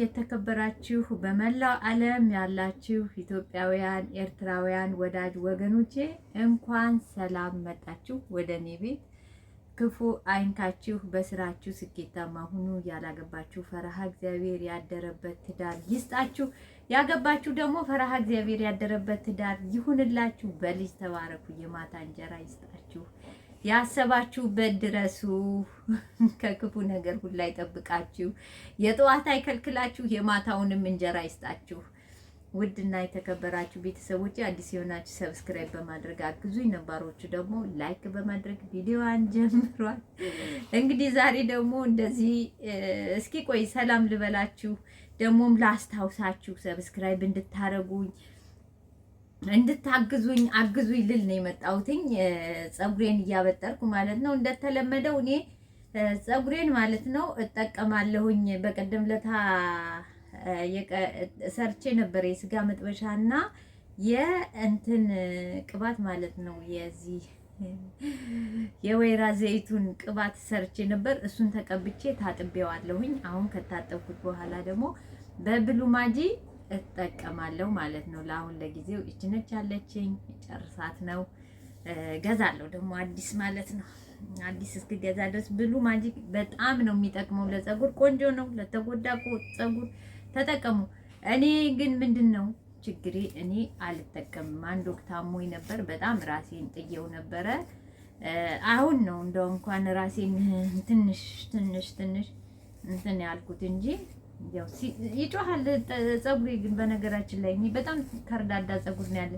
የተከበራችሁ በመላው ዓለም ያላችሁ ኢትዮጵያውያን፣ ኤርትራውያን ወዳጅ ወገኖቼ እንኳን ሰላም መጣችሁ ወደ እኔ ቤት። ክፉ አይንካችሁ፣ በስራችሁ ስኬታማ ሁኑ። ያላገባችሁ ፈረሃ እግዚአብሔር ያደረበት ትዳር ይስጣችሁ። ያገባችሁ ደግሞ ፈረሃ እግዚአብሔር ያደረበት ትዳር ይሁንላችሁ። በልጅ ተባረኩ። የማታ እንጀራ ይስጣችሁ። ያሰባችሁበት ድረሱ። ከክፉ ነገር ሁላ ይጠብቃችሁ። የጠዋት አይከልክላችሁ፣ የማታውንም እንጀራ ይስጣችሁ። ውድና የተከበራችሁ ቤተሰቦች አዲስ የሆናችሁ ሰብስክራይብ በማድረግ አግዙኝ፣ ነባሮቹ ደግሞ ላይክ በማድረግ ቪዲዮዋን ጀምሯል። እንግዲህ ዛሬ ደግሞ እንደዚህ እስኪ ቆይ ሰላም ልበላችሁ፣ ደግሞም ላስታውሳችሁ ሰብስክራይብ እንድታረጉኝ እንድታግዙኝ አግዙኝ ልል ነው የመጣሁትኝ። ፀጉሬን እያበጠርኩ ማለት ነው። እንደተለመደው እኔ ፀጉሬን ማለት ነው እጠቀማለሁኝ። በቀደም ለታ ሰርቼ ነበር የስጋ መጥበሻ እና የእንትን ቅባት ማለት ነው የዚህ የወይራ ዘይቱን ቅባት ሰርቼ ነበር። እሱን ተቀብቼ ታጥቤዋለሁኝ። አሁን ከታጠብኩት በኋላ ደግሞ በብሉ እጠቀማለሁ ማለት ነው። ለአሁን ለጊዜው እችነች ያለችኝ ጨርሳት ነው ገዛለሁ ደግሞ አዲስ ማለት ነው። አዲስ እስክገዛ ድረስ ብሉ ማጂክ በጣም ነው የሚጠቅመው ለፀጉር ቆንጆ ነው። ለተጎዳ ፀጉር ተጠቀሙ። እኔ ግን ምንድን ነው ችግሬ እኔ አልጠቀምም። አንድ ወቅት አሞኝ ነበር በጣም ራሴን ጥየው ነበረ። አሁን ነው እንደው እንኳን ራሴን ትንሽ ትንሽ ትንሽ እንትን ያልኩት እንጂ ያው ይጮሃል ፀጉሬ። ግን በነገራችን ላይ እኔ በጣም ከርዳዳ ፀጉር ነው ያለ።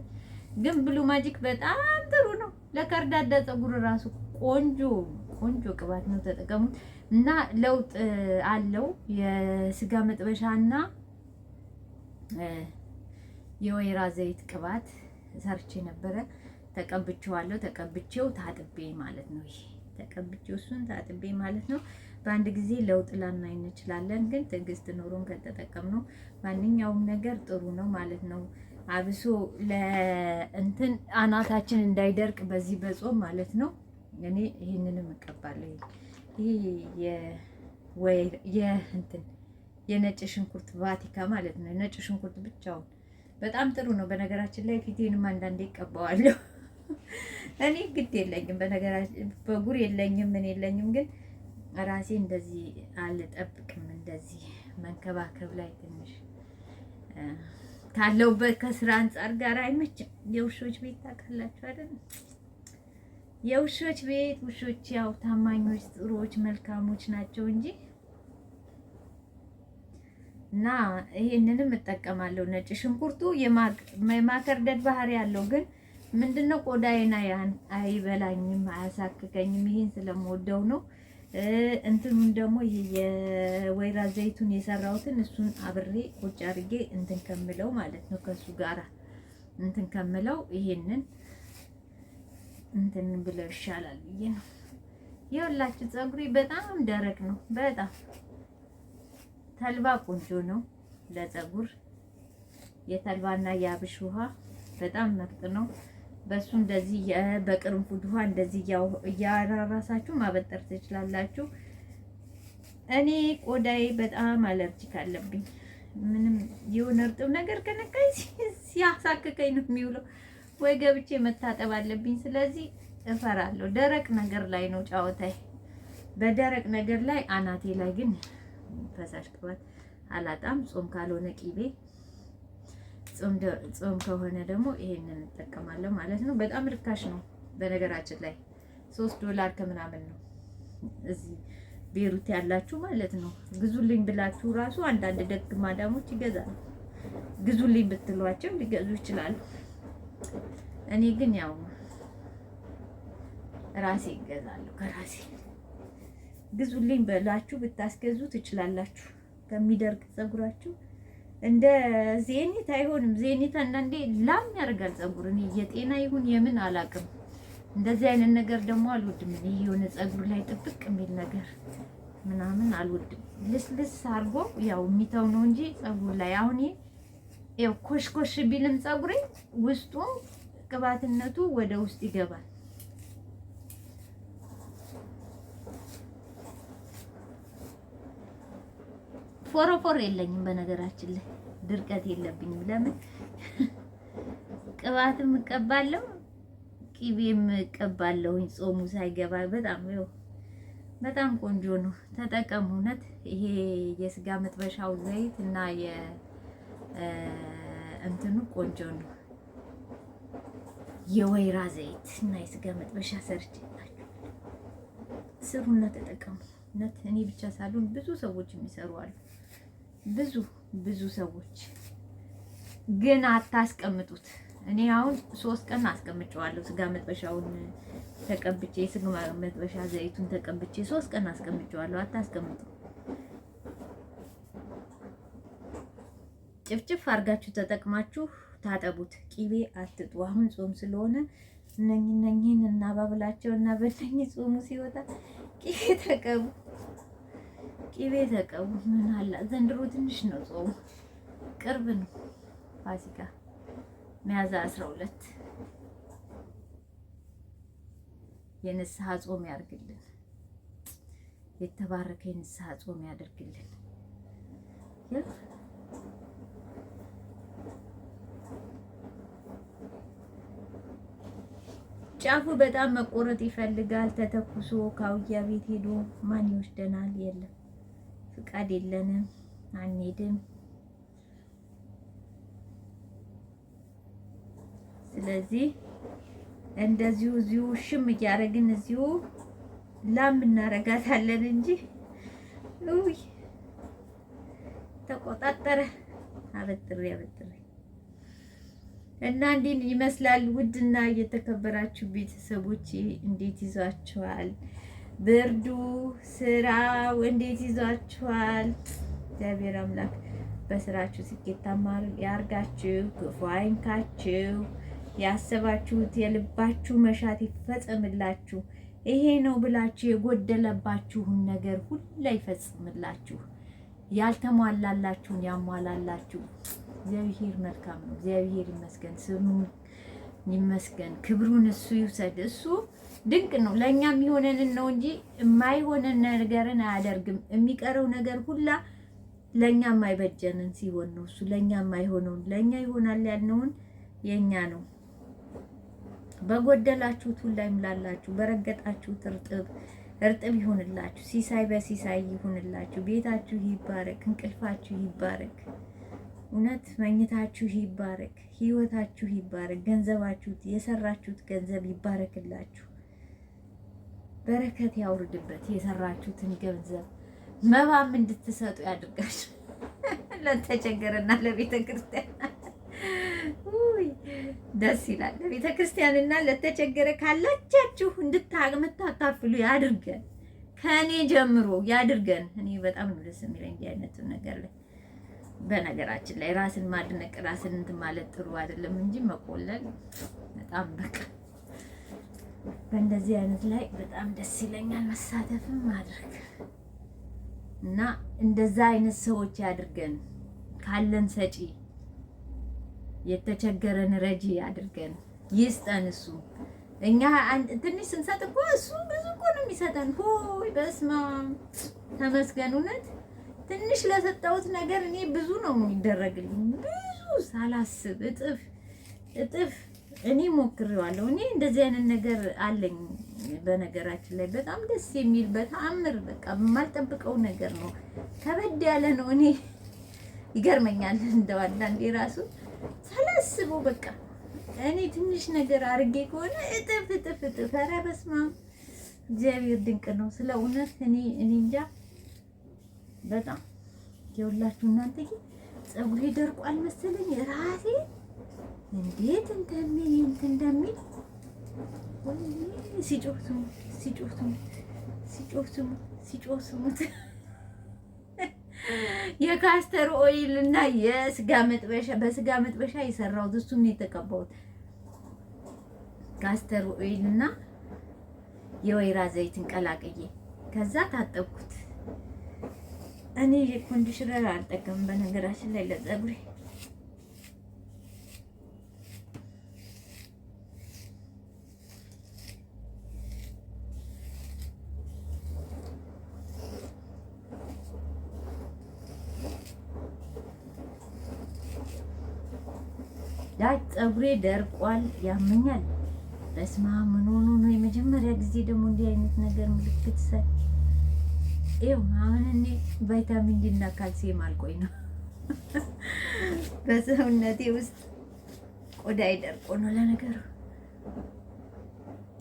ግን ብሉ ማጂክ በጣም ጥሩ ነው ለከርዳዳ ፀጉር ራሱ ቆንጆ ቆንጆ ቅባት ነው ተጠቀሙት፣ እና ለውጥ አለው የስጋ መጥበሻና የወይራ ዘይት ቅባት ሰርቼ ነበረ። ተቀብቼዋለሁ። ተቀብቼው ታጥቤ ማለት ነው። ይሄ ተቀብቼው እሱን ታጥቤ ማለት ነው። በአንድ ጊዜ ለውጥ ላናይ እንችላለን፣ ግን ትዕግስት ኖሮን ከተጠቀምነው ማንኛውም ነገር ጥሩ ነው ማለት ነው። አብሶ ለእንትን አናታችን እንዳይደርቅ በዚህ በጾም ማለት ነው። እኔ ይህንንም እቀባለሁ። ይህ የእንትን የነጭ ሽንኩርት ቫቲካ ማለት ነው። ነጭ ሽንኩርት ብቻውን በጣም ጥሩ ነው። በነገራችን ላይ ፊቴንም አንዳንዴ ይቀባዋለሁ። እኔ ግድ የለኝም፣ በነገራችን በጉር የለኝም፣ ምን የለኝም ግን ራሴ እንደዚህ አልጠብቅም። እንደዚህ መንከባከብ ላይ ትንሽ ካለውበት ከስራ አንጻር ጋር አይመችም። የውሾች ቤት ታውቃላችሁ አይደል? የውሾች ቤት ውሾች ያው ታማኞች፣ ጥሩዎች፣ መልካሞች ናቸው እንጂ እና ይሄንንም እጠቀማለሁ። ነጭ ሽንኩርቱ የማከርደድ ባህሪ ያለው ግን ምንድነው ቆዳዬን አይበላኝም፣ አያሳክከኝም። ይሄን ስለምወደው ነው። እንትኑን ደግሞ ይሄ የወይራ ዘይቱን የሰራሁትን እሱን አብሬ ቁጭ አድርጌ እንትን ከምለው ማለት ነው ከሱ ጋራ እንትን ከምለው ይሄንን እንትን ብለው ይሻላል ብዬ ነው። የሁላችሁ ፀጉሬ በጣም ደረቅ ነው። በጣም ተልባ ቆንጆ ነው ለፀጉር። የተልባና የአብሽ ውሃ በጣም ምርጥ ነው። በሱ እንደዚህ በቅርንፉድ ውሃ እንደዚህ እያራራሳችሁ ማበጠር ትችላላችሁ። እኔ ቆዳዬ በጣም አለርጂክ አለብኝ። ምንም የሆነ እርጥብ ነገር ከነካኝ ሲያሳክከኝ ነው የሚውለው። ወይ ገብቼ መታጠብ አለብኝ። ስለዚህ እፈራለሁ። ደረቅ ነገር ላይ ነው ጫወታዬ። በደረቅ ነገር ላይ አናቴ ላይ ግን ፈሳሽ ቅባት አላጣም። ጾም ካልሆነ ቂቤ ጾም ከሆነ ደግሞ ይሄንን እንጠቀማለን ማለት ነው። በጣም ርካሽ ነው በነገራችን ላይ ሶስት ዶላር ከምናምን ነው እዚህ ቤሩት ያላችሁ ማለት ነው። ግዙልኝ ብላችሁ ራሱ አንዳንድ ደግ ማዳሞች ይገዛሉ። ግዙልኝ ብትሏቸው ሊገዙ ይችላሉ። እኔ ግን ያው ራሴ ይገዛሉ። ከራሴ ግዙልኝ ብላችሁ ብታስገዙ ትችላላችሁ ከሚደርግ ፀጉራችሁ እንደ ዜኒት አይሆንም። ዜኒት አንዳንዴ ላም ያደርጋል ፀጉር። እኔ የጤና ይሁን የምን አላውቅም። እንደዚህ አይነት ነገር ደግሞ አልወድም። እኔ የሆነ ፀጉር ላይ ጥብቅ የሚል ነገር ምናምን አልወድም። ልስልስ አድርጎ ያው የሚተው ነው እንጂ ፀጉር ላይ አሁን ይሄ ኮሽኮሽ ቢልም ፀጉሬ ውስጡ ቅባትነቱ ወደ ውስጥ ይገባል። ፎረፎር የለኝም በነገራችን ላይ ድርቀት የለብኝም። ለምን ቅባትም እቀባለሁ ቂቤም እቀባለሁኝ። ጾሙ ሳይገባ በጣም ይኸው በጣም ቆንጆ ነው። ተጠቀሙ። እውነት ይሄ የስጋ መጥበሻው ዘይት እና የእንትኑ ቆንጆ ነው። የወይራ ዘይት እና የስጋ መጥበሻ ሰርች ስሩና ተጠቀሙ። እውነት እኔ ብቻ ሳልሆን ብዙ ሰዎች የሚሰሩ አሉ። ብዙ ብዙ ሰዎች ግን አታስቀምጡት። እኔ አሁን ሶስት ቀን አስቀምጨዋለሁ። ስጋ መጥበሻውን ተቀብቼ የስጋ መጥበሻ ዘይቱን ተቀብቼ ሶስት ቀን አስቀምጨዋለሁ። አታስቀምጡ። ጭፍጭፍ አድርጋችሁ ተጠቅማችሁ ታጠቡት። ቂቤ አትጡ። አሁን ጾም ስለሆነ እነኝህን እናባብላቸው እና በእነኝህ ጾሙ ሲወጣ ቂቤ ተቀቡ። ቅቤ ተቀቡ ምን አላ ዘንድሮ ትንሽ ነው ጾሙ ቅርብ ነው ፋሲካ ሚያዝያ 12 የንስሐ ጾም ያድርግልን የተባረከ የንስሐ ጾም ያደርግልን ጫፉ በጣም መቆረጥ ይፈልጋል ተተኩሶ ካውያ ቤት ሄዶ ማን ይወስደናል የለም ፍቃድ የለንም፣ አንሄድም። ስለዚህ እንደዚሁ እዚሁ ሽም እያደረግን እዚሁ ላም እናረጋታለን እንጂ ውይ ተቆጣጠረ። አበጥሬ አበጥሬ እና እንዲህ ይመስላል። ውድና እየተከበራችሁ ቤተሰቦች እንዴት ይዟችኋል? ብርዱ ስራው እንዴት ይዟችኋል? እግዚአብሔር አምላክ በስራችሁ ስኬታማ ያርጋችሁ፣ ክፉ አይንካችሁ፣ ያሰባችሁት የልባችሁ መሻት ይፈጸምላችሁ። ይሄ ነው ብላችሁ የጎደለባችሁን ነገር ሁላ ይፈጽምላችሁ። ያልተሟላላችሁን ያሟላላችሁ። እግዚአብሔር መልካም ነው። እግዚአብሔር ይመስገን፣ ስሙ ይመስገን፣ ክብሩን እሱ ይውሰድ እሱ ድንቅ ነው። ለእኛ የሚሆነንን ነው እንጂ የማይሆነን ነገርን አያደርግም። የሚቀረው ነገር ሁላ ለእኛ የማይበጀንን ሲሆን ነው እሱ ለእኛ የማይሆነውን ለእኛ ይሆናል ያልነውን የእኛ ነው። በጎደላችሁት ሁላ ይምላላችሁ፣ በረገጣችሁት እርጥብ እርጥብ ይሁንላችሁ፣ ሲሳይ በሲሳይ ይሁንላችሁ። ቤታችሁ ይባረክ፣ እንቅልፋችሁ ይባረክ፣ እውነት መኝታችሁ ይባረክ፣ ህይወታችሁ ይባረክ፣ ገንዘባችሁት የሰራችሁት ገንዘብ ይባረክላችሁ። በረከት ያውርድበት። የሰራችሁትን ገንዘብ መባም እንድትሰጡ ያድርጋችሁ ለተቸገረና ለቤተ ክርስቲያን ደስ ይላል። ለቤተ ክርስቲያንና ለተቸገረ ካላቻችሁ እንድታምታታፍሉ ያድርገን። ከእኔ ጀምሮ ያድርገን። እኔ በጣም ነው ደስ የሚለኝ እንዲህ አይነቱን ነገር ላይ። በነገራችን ላይ ራስን ማድነቅ ራስን እንትን ማለት ጥሩ አይደለም እንጂ መቆለል በጣም በቃ በእንደዚህ አይነት ላይ በጣም ደስ ይለኛል መሳተፍም ማድረግ እና እንደዛ አይነት ሰዎች ያድርገን። ካለን ሰጪ የተቸገረን ረጂ ያድርገን፣ ይስጠን። እሱ እኛ ትንሽ ስንሰጥ እኮ እሱ ብዙ እኮ ነው የሚሰጠን። ሆይ በስማ ተመስገን። እውነት ትንሽ ለሰጠሁት ነገር እኔ ብዙ ነው የሚደረግልኝ፣ ብዙ ሳላስብ እጥፍ እጥፍ እኔ ሞክሬዋለሁ። እኔ እንደዚህ አይነት ነገር አለኝ። በነገራችን ላይ በጣም ደስ የሚል በተአምር በቃ የማልጠብቀው ነገር ነው። ከበድ ያለ ነው። እኔ ይገርመኛል እንደው አንዳንዴ ራሱ ሳላስበው በቃ እኔ ትንሽ ነገር አድርጌ ከሆነ እጥፍ እጥፍ እጥፍ። ኧረ በስመ አብ እግዚአብሔር ድንቅ ነው። ስለ እውነት እኔ እኔ እንጃ በጣም የሁላችሁ እናንተ ጸጉሬ ደርቋል መሰለኝ ራሴ እንዴት እንደሚል እንትን እንደሚል ሲጮህ ስሙት፣ ሲጮህ ስሙት፣ ሲጮህ ስሙት፣ ሲጮህ ስሙት። የካስተር ኦይል እና የስጋ መጥበሻ በስጋ መጥበሻ የሰራሁት እሱን ነው የተቀባሁት። ካስተር ኦይል እና የወይራ ዘይትን ቀላቅዬ ከዛ ታጠብኩት። እኔ የኮንዲሽነር አልጠቀምም በነገራችን ላይ ለፀጉሬ ዳት ፀጉሬ ደርቋል፣ ያመኛል። በስመ ምን ሆኖ ነው? የመጀመሪያ ጊዜ ደግሞ እንዲህ አይነት ነገር ምልክት ሰጥ ይው አሁን እኔ ቫይታሚን ዲና ካልሲየም አልቆኝ ነው በሰውነቴ ውስጥ ቆዳ ይደርቆ ነው። ለነገሩ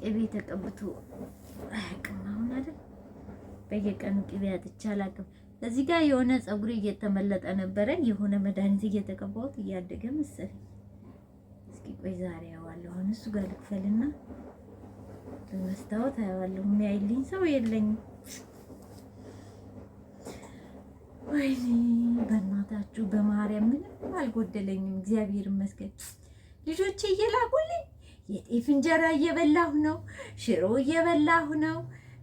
ቅቤ ተቀብቶ አያውቅም። አሁን አይደል በየቀኑ ቅቤ አጥቼ አላውቅም። እዚህ ጋር የሆነ ፀጉሬ እየተመለጠ ነበረ፣ የሆነ መድኃኒት እየተቀባሁት እያደገ መሰለኝ እስኪ ቆይ ዛሬ አየዋለሁ። አሁን እሱ ጋር ልክፈልና በመስታወት አየዋለሁ። የሚያይልኝ ሰው የለኝም። ወይኔ በእናታችሁ በማርያም ምንም አልጎደለኝም፣ እግዚአብሔር ይመስገን። ልጆቼ እየላኩልኝ የጤፍ እንጀራ እየበላሁ ነው፣ ሽሮ እየበላሁ ነው።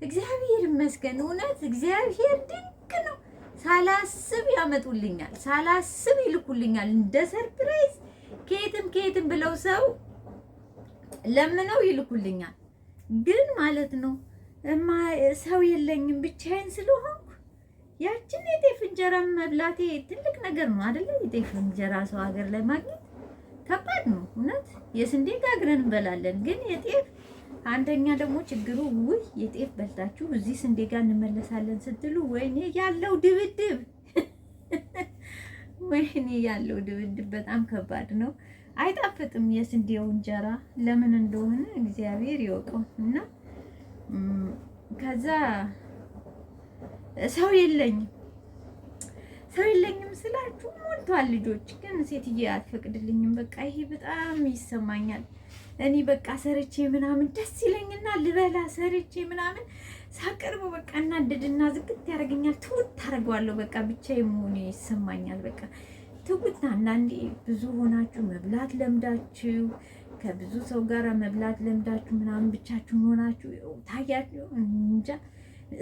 እግዚአብሔር ይመስገን። እውነት እግዚአብሔር ድንቅ ነው። ሳላስብ ያመጡልኛል፣ ሳላስብ ይልኩልኛል እንደ ሰርፕራይዝ ከየትም ከየትም ብለው ሰው ለምነው ይልኩልኛል። ግን ማለት ነው እማ ሰው የለኝም ብቻዬን ስለሆንኩ ያችን የጤፍ እንጀራ መብላቴ ትልቅ ነገር ነው አይደለ? የጤፍ እንጀራ ሰው ሀገር ላይ ማግኘት ከባድ ነው እውነት። የስንዴ ጋግረን እንበላለን፣ ግን የጤፍ አንደኛ ደግሞ ችግሩ ውይ የጤፍ በልታችሁ እዚህ ስንዴ ጋር እንመለሳለን ስትሉ ወይኔ ያለው ድብድብ ወይኔ ያለው ድብድብ በጣም ከባድ ነው። አይጣፍጥም የስንዴው እንጀራ ለምን እንደሆነ እግዚአብሔር ይወቀው እና ከዛ ሰው የለኝም ሰው የለኝም ስላችሁ ሞልቷል። ልጆች ግን ሴትዬ አትፈቅድልኝም። በቃ ይሄ በጣም ይሰማኛል። እኔ በቃ ሰርቼ ምናምን ደስ ይለኝና ልበላ ሰርቼ ምናምን ሳቀርቦ በቃ እናደድና ዝግት ያደርገኛል። ትውት ታደርገዋለሁ። በቃ ብቻዬን መሆኔ ይሰማኛል። በቃ ትውት አንዳንዴ ብዙ ሆናችሁ መብላት ለምዳችሁ ከብዙ ሰው ጋር መብላት ለምዳችሁ ምናምን ብቻችሁ ሆናችሁ ታያችሁ እንጃ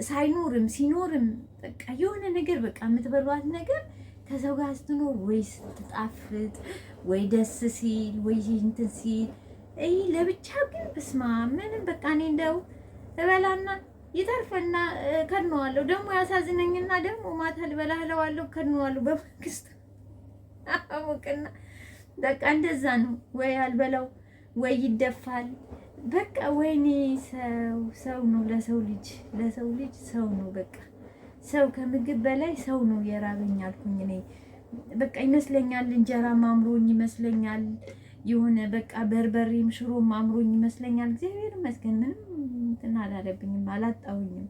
ሳይኖርም ሲኖርም በቃ የሆነ ነገር በቃ የምትበሏት ነገር ከሰው ጋር ስትኖር ወይ ስትጣፍጥ ወይ ደስ ሲል ወይ እንትን ሲል ይህ ለብቻ ግን ብስማ ምንም በቃ እኔ እንደው እበላና ይተርፈና ከድነዋለሁ። ደግሞ ያሳዝነኝና ደግሞ ማታ ልበላ ከድነዋለሁ። በመንግስት አወቅና በቃ እንደዛ ነው። ወይ አልበላው ወይ ይደፋል። በቃ ወይኔ ሰው ሰው ነው፣ ለሰው ልጅ ለሰው ልጅ ሰው ነው። በቃ ሰው ከምግብ በላይ ሰው ነው የራበኝ አልኩኝ እኔ በቃ ይመስለኛል። እንጀራ ማምሮኝ ይመስለኛል የሆነ በቃ በርበሬም ሽሮም አምሮኝ ይመስለኛል። እግዚአብሔር ይመስገን ምንም እንትን አላለብኝም፣ አላጣሁኝም።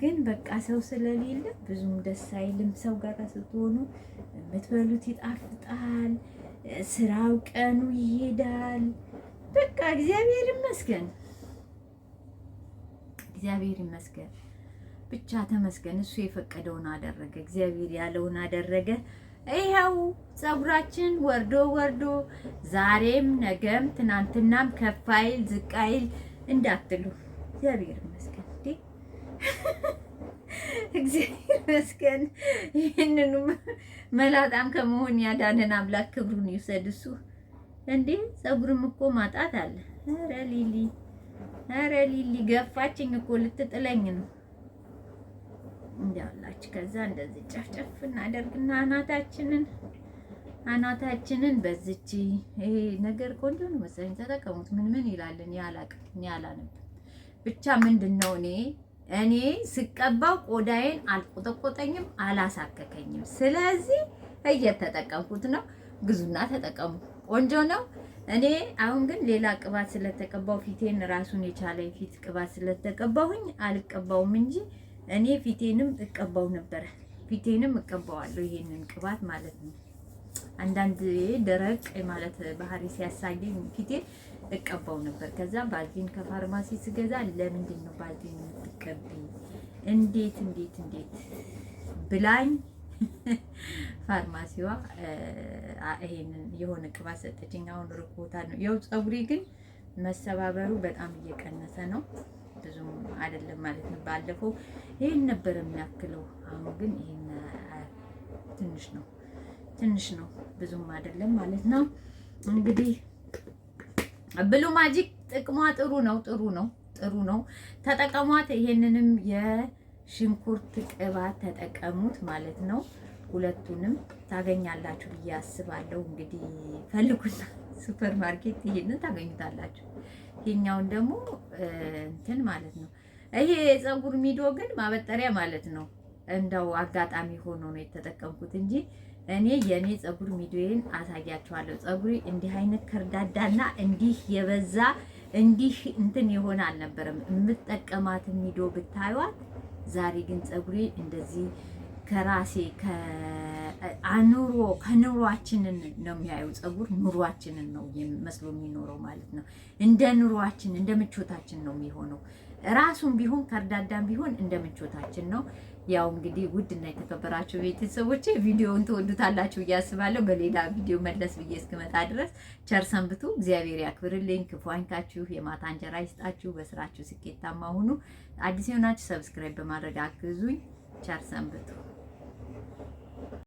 ግን በቃ ሰው ስለሌለ ብዙም ደስ አይልም። ሰው ጋር ስትሆኑ የምትበሉት ይጣፍጣል፣ ስራው ቀኑ ይሄዳል። በቃ እግዚአብሔር ይመስገን፣ እግዚአብሔር ይመስገን። ብቻ ተመስገን። እሱ የፈቀደውን አደረገ፣ እግዚአብሔር ያለውን አደረገ። ይኸው ፀጉራችን ወርዶ ወርዶ ዛሬም ነገም ትናንትናም ከፍ አይል ዝቅ አይል እንዳትሉ፣ እግዚአብሔር ይመስገን እንዴ፣ እግዚአብሔር ይመስገን። ይህንኑ መላጣም ከመሆን ያዳነን አምላክ ክብሩን ይውሰድ እሱ። እንዴ ፀጉርም እኮ ማጣት አለ። ኧረ ሊሊ፣ ኧረ ሊሊ ገፋችኝ እኮ ልትጥለኝ ነው። እንዲያውላች ከዛ እንደዚህ ጨፍጨፍ እናደርግና አናታችንን አናታችንን በዚች ይሄ ነገር ቆንጆ ነው መሰለኝ። ተጠቀሙት። ምን ምን ይላልን ያላቅ አላቅም፣ ብቻ ምንድን ነው እኔ እኔ ስቀባው ቆዳዬን አልቆጠቆጠኝም፣ አላሳከከኝም። ስለዚህ እየተጠቀምኩት ነው። ግዙና ተጠቀሙ። ቆንጆ ነው። እኔ አሁን ግን ሌላ ቅባት ስለተቀባው ፊቴን ራሱን የቻለ የፊት ቅባት ስለተቀባሁኝ አልቀባውም እንጂ እኔ ፊቴንም እቀባው ነበረ። ፊቴንም እቀባዋለሁ ይሄንን ቅባት ማለት ነው። አንዳንድ ደረቅ ማለት ባህሪ ሲያሳየኝ ፊቴ እቀባው ነበር። ከዛ ባልዚን ከፋርማሲ ስገዛ ለምንድን ነው ባልዚን የምትቀቢኝ? እንዴት እንዴት እንዴት ብላኝ ፋርማሲዋ ይሄንን የሆነ ቅባት ሰጠችኝ። አሁን ርቆታ ነው የው ፀጉሬ ግን መሰባበሩ በጣም እየቀነሰ ነው። ብዙም አይደለም ማለት ነው። ባለፈው ይህን ነበር የሚያክለው፣ አሁን ግን ይህን ትንሽ ነው ትንሽ ነው ብዙም አይደለም ማለት ነው። እንግዲህ ብሉ ማጂክ ጥቅሟ ጥሩ ነው ጥሩ ነው ጥሩ ነው። ተጠቀሟት። ይሄንንም የሽንኩርት ቅባት ተጠቀሙት ማለት ነው። ሁለቱንም ታገኛላችሁ ብዬ አስባለሁ። እንግዲህ ፈልጉና ሱፐር ማርኬት ይሄንን ታገኙታላችሁ። ይሄኛውን ደግሞ እንትን ማለት ነው። ይሄ የፀጉር ሚዶ ግን ማበጠሪያ ማለት ነው። እንደው አጋጣሚ ሆኖ ነው የተጠቀምኩት እንጂ እኔ የኔ ፀጉር ሚዶዬን አሳያቸዋለሁ። ፀጉሬ እንዲህ አይነት ከርዳዳና እንዲህ የበዛ እንዲህ እንትን የሆነ አልነበረም። የምጠቀማት ሚዶ ብታዩዋት፣ ዛሬ ግን ፀጉሬ እንደዚህ ከራሴ አኑሮ ከኑሯችንን ነው የሚያዩ ፀጉር ኑሯችንን ነው መስሎ የሚኖረው ማለት ነው። እንደ ኑሯችን እንደ ምቾታችን ነው የሚሆነው። ራሱን ቢሆን ከእርዳዳም ቢሆን እንደ ምቾታችን ነው። ያው እንግዲህ ውድና የተከበራችሁ ቤተሰቦች ቪዲዮውን ትወዱታላችሁ እያስባለሁ። በሌላ ቪዲዮ መለስ ብዬ እስክመጣ ድረስ ቸር ሰንብቱ። እግዚአብሔር ያክብርልኝ፣ ክፉ አይንካችሁ፣ የማታ እንጀራ ይስጣችሁ፣ በስራችሁ ስኬታማ ሁኑ። አዲስ የሆናችሁ ሰብስክራይብ በማድረግ አግዙኝ። ቸር ሰንብቱ።